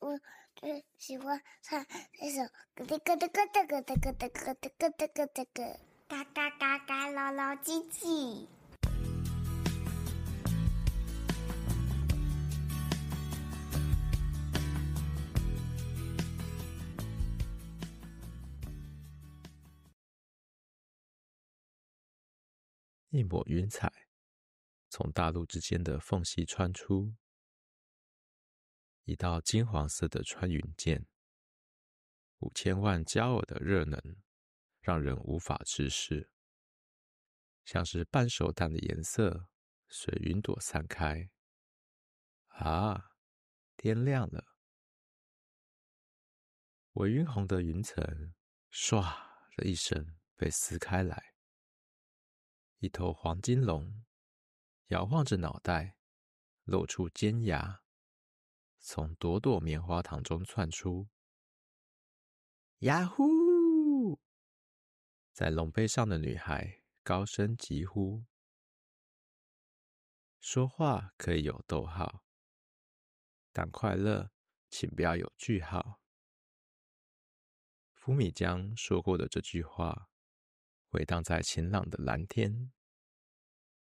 我最喜歡唱這首咯的咯噠咯噠咯噠咯噠咯噠咯噠咯噠咯。嘎嘎嘎嘎，老老唧唧。一抹雲彩從大陸之間的縫隙穿出。一道金黃色的穿雲箭，五千萬焦耳的熱能，讓人無法直視，像是半熟蛋的顏色，隨雲朵散開。啊，天亮了！緋雲紅的雲層，唰的一聲被撕開來，一頭黃金龍搖晃着腦袋，露出尖牙。從朵朵棉花糖中竄出，呀呼！在龍背上的女孩高聲疾呼。說話可以有逗號，但快樂請不要有句號。福米江說過的這句話回盪在晴朗的藍天，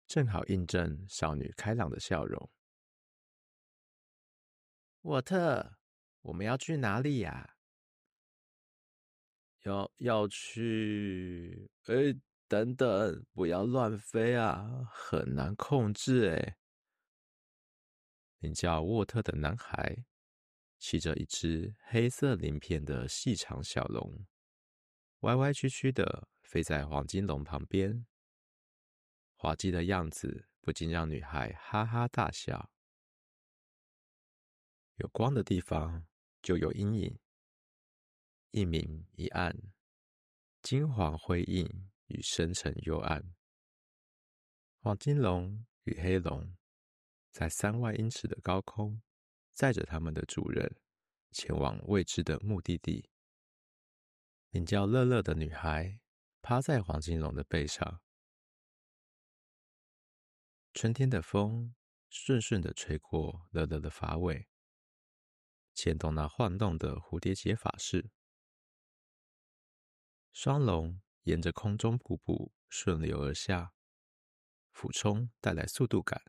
正好印證少女開朗的笑容。沃特，我們要去哪裡呀、啊？要要去……哎，等等，不要亂飛啊，很難控制哎！名叫沃特的男孩，騎着一只黑色鱗片的細長小龍，歪歪曲曲的飛在黃金龍旁邊，滑稽的樣子不禁讓女孩哈哈大笑。有光的地方就有陰影，一明一暗，金黃輝映與深沉幽暗。黃金龍與黑龍在三萬英尺的高空，載着他們的主人前往未知的目的地。名叫樂樂的女孩趴在黃金龍的背上，春天的風順順地吹過樂樂的髮尾。牽動那晃動的蝴蝶結法式，雙龍沿着空中瀑布順流而下，俯衝帶來速度感，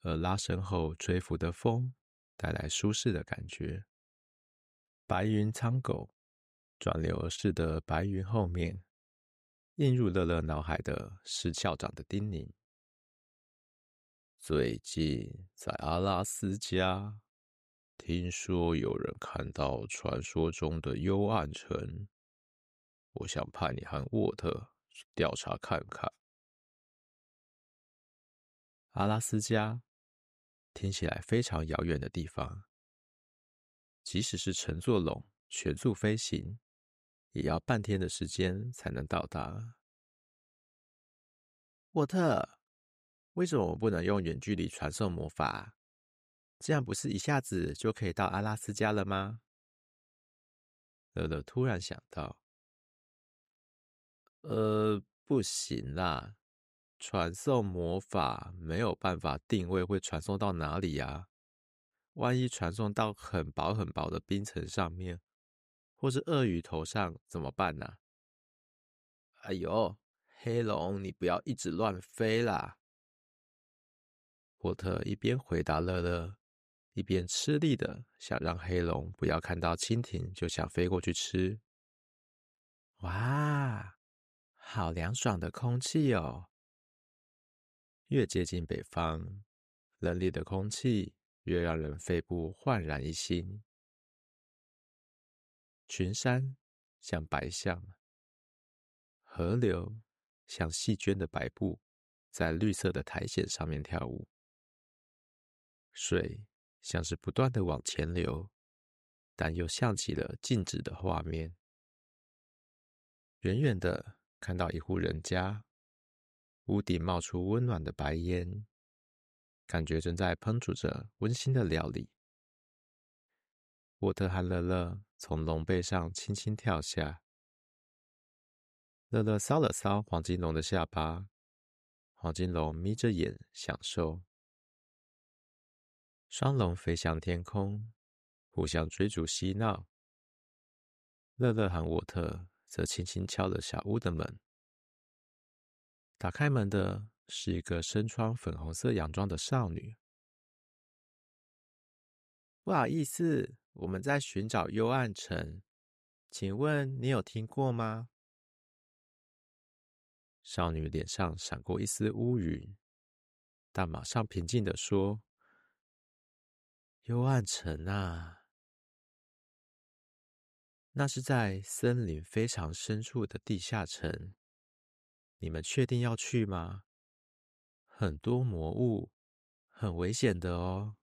而拉伸後吹拂的風帶來舒適的感覺。白雲蒼狗，轉流而逝的白雲後面，映入樂樂腦海的是校長的叮嚀。最近在阿拉斯加。聽說有人看到傳說中的幽暗城，我想派你和沃特去調查看看。阿拉斯加聽起來非常遙遠的地方，即使是乘坐龍全速飛行，也要半天的時間才能到達。沃特，為什麼我不能用遠距離傳送魔法？這樣不是一下子就可以到阿拉斯加了嗎？樂樂突然想到：“呃，不行啦，傳送魔法沒有辦法定位會傳送到哪裡呀？萬一傳送到很薄很薄的冰層上面，或是鱷魚頭上怎麼辦呢？”哎呦，黑龍，你不要一直亂飛啦！波特一邊回答樂樂。一邊吃力的想讓黑龍不要看到蜻蜓就想飛過去吃。哇，好涼爽的空氣哦！越接近北方，冷冽的空氣越讓人肺部煥然一新。群山像白象，河流像細絹的白布，在綠色的苔蘚上面跳舞，水。像是不斷的往前流，但又像極了靜止的畫面。遠遠的看到一戶人家，屋頂冒出溫暖的白煙，感覺正在烹煮着溫馨的料理。沃特和樂樂從龍背上輕輕跳下，樂樂搔了搔黃金龍的下巴，黃金龍眯着眼享受。雙龍飛向天空，互相追逐嬉鬧。樂樂和沃特則輕輕敲了小屋的門。打開門的是一個身穿粉紅色洋裝的少女。不好意思，我們在尋找幽暗城，請問你有聽過嗎？少女臉上閃過一絲烏雲，但馬上平靜地說。幽暗城啊，那是在森林非常深處的地下城。你們確定要去嗎？很多魔物，很危險的哦。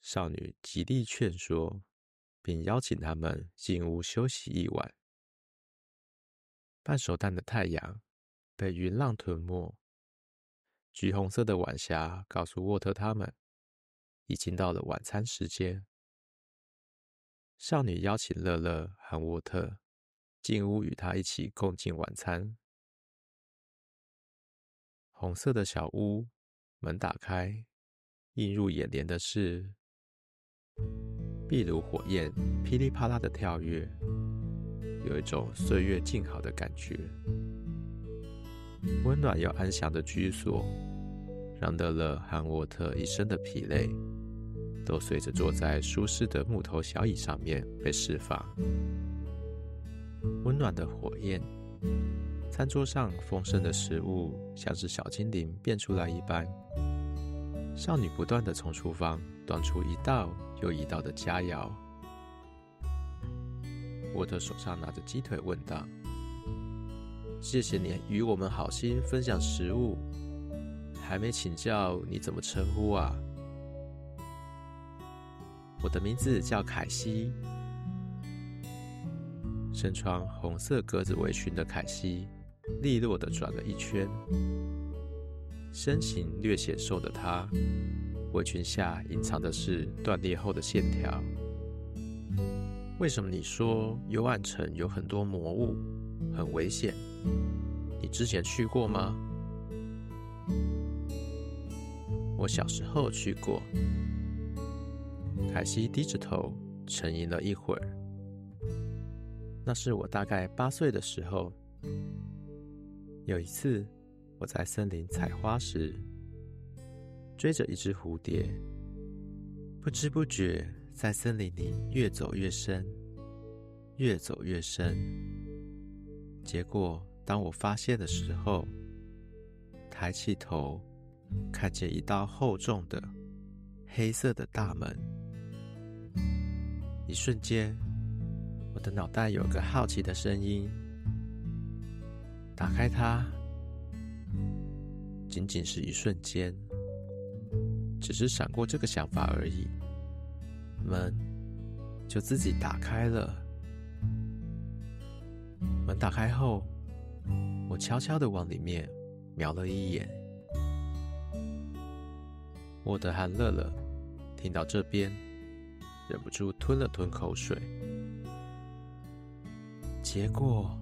少女極力勸說，並邀請他們進屋休息一晚。半熟蛋的太陽被雲浪吞沒，橘紅色的晚霞告訴沃特他們。已經到了晚餐時間，少女邀請樂樂和沃特進屋與她一起共進晚餐。紅色的小屋門打開，映入眼簾的是壁爐火焰噼裡啪啦的跳躍，有一種歲月靜好的感覺。溫暖又安詳的居所，讓樂樂和沃特一身的疲累。都隨着坐在舒適的木頭小椅上面被釋放。溫暖的火焰，餐桌上豐盛的食物像是小精靈變出來一般。少女不斷地從廚房端出一道又一道的佳餚。沃特手上拿着雞腿問道：“謝謝你與我們好心分享食物，還沒請教你怎麼稱呼啊？”我的名字叫凱西，身穿紅色格子圍裙的凱西，利落地轉了一圈，身形略顯瘦的她，圍裙下隱藏的是斷裂後的線條。為什麼你說幽暗城有很多魔物，很危險？你之前去過嗎？我小時候去過。凱西低着頭沉吟了一會兒。那是我大概八歲的時候。有一次，我在森林採花時，追着一隻蝴蝶，不知不覺在森林裡越走越深，越走越深。結果，當我發現的時候，抬起頭，看見一道厚重的黑色的大門。一瞬間，我的腦袋有個好奇的聲音，打開它。僅僅是一瞬間，只是閃過這個想法而已，門就自己打開了。門打開後，我悄悄的往裡面瞄了一眼，我的韓樂樂聽到這邊忍不住吞了吞口水，結果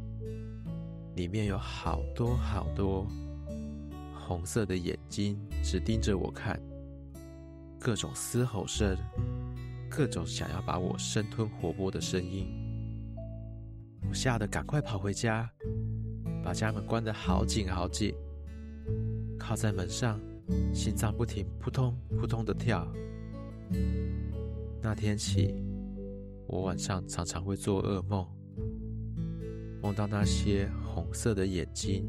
裡面有好多好多紅色的眼睛，只盯着我看。各種嘶吼聲，各種想要把我生吞活剝的聲音。我嚇得趕快跑回家，把家門關得好緊好緊，靠在門上，心臟不停撲通撲通的跳。那天起，我晚上常常會做噩夢，夢到那些紅色的眼睛、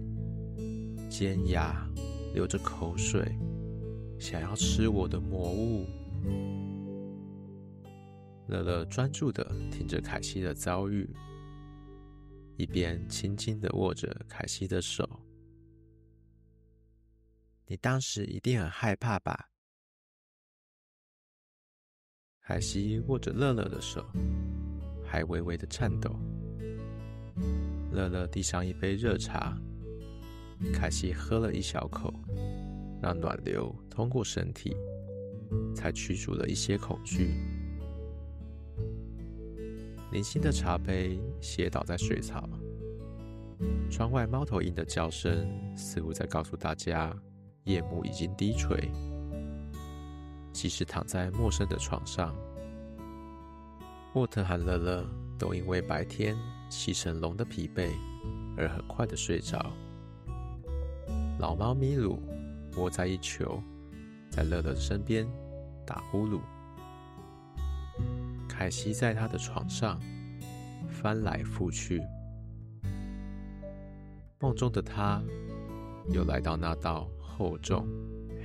尖牙、流着口水、想要吃我的魔物。 樂樂專注地聽着凱西的遭遇，一邊輕輕地握着凱西的手。你當時一定很害怕吧？凱西握着樂樂的手，還微微的顫抖。樂樂遞上一杯熱茶，凱西喝了一小口，讓暖流通過身體，才驅除了一些恐懼。零星的茶杯斜倒在水槽，窗外貓頭鷹的叫聲似乎在告訴大家，夜幕已經低垂。即使躺在陌生的床上，沃特和樂樂都因為白天騎乘龍的疲憊而很快的睡着。老貓咪魯窩在一球，在樂樂的身邊打呼嚕。凱西在他的床上翻來覆去，夢中的他又來到那道厚重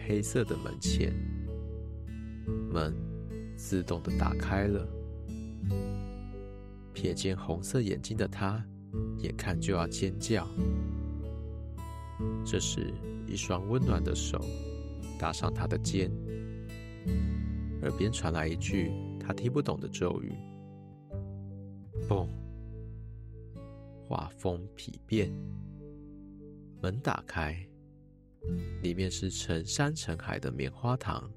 黑色的門前。門自動的打開了，瞥見紅色眼睛的他，眼看就要尖叫。這時，一雙溫暖的手搭上他的肩，耳邊傳來一句他聽不懂的咒語。嘣！畫風丕變，門打開，裡面是成山成海的棉花糖。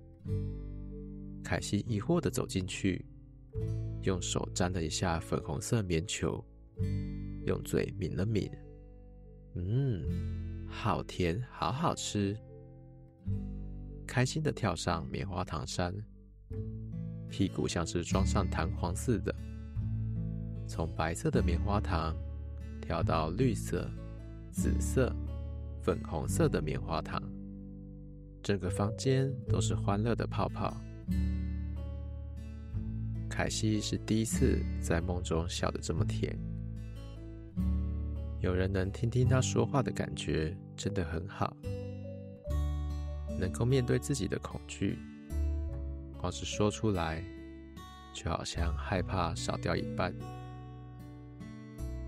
凱西疑惑地走進去，用手沾了一下粉紅色棉球，用嘴抿了抿，嗯，好甜，好好吃。開心地跳上棉花糖山，屁股像是裝上彈簧似的，從白色的棉花糖跳到綠色、紫色、粉紅色的棉花糖，整個房間都是歡樂的泡泡。凱西是第一次在夢中笑得這麼甜。有人能聽聽他說話的感覺，真的很好。能夠面對自己的恐懼，光是說出來，就好像害怕少掉一半。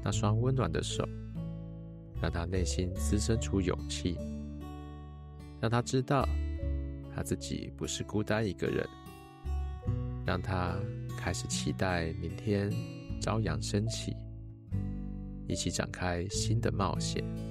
那雙溫暖的手，讓他內心滋生出勇氣，讓他知道。他自己不是孤單一個人，讓他開始期待明天朝陽升起，一起展開新的冒險。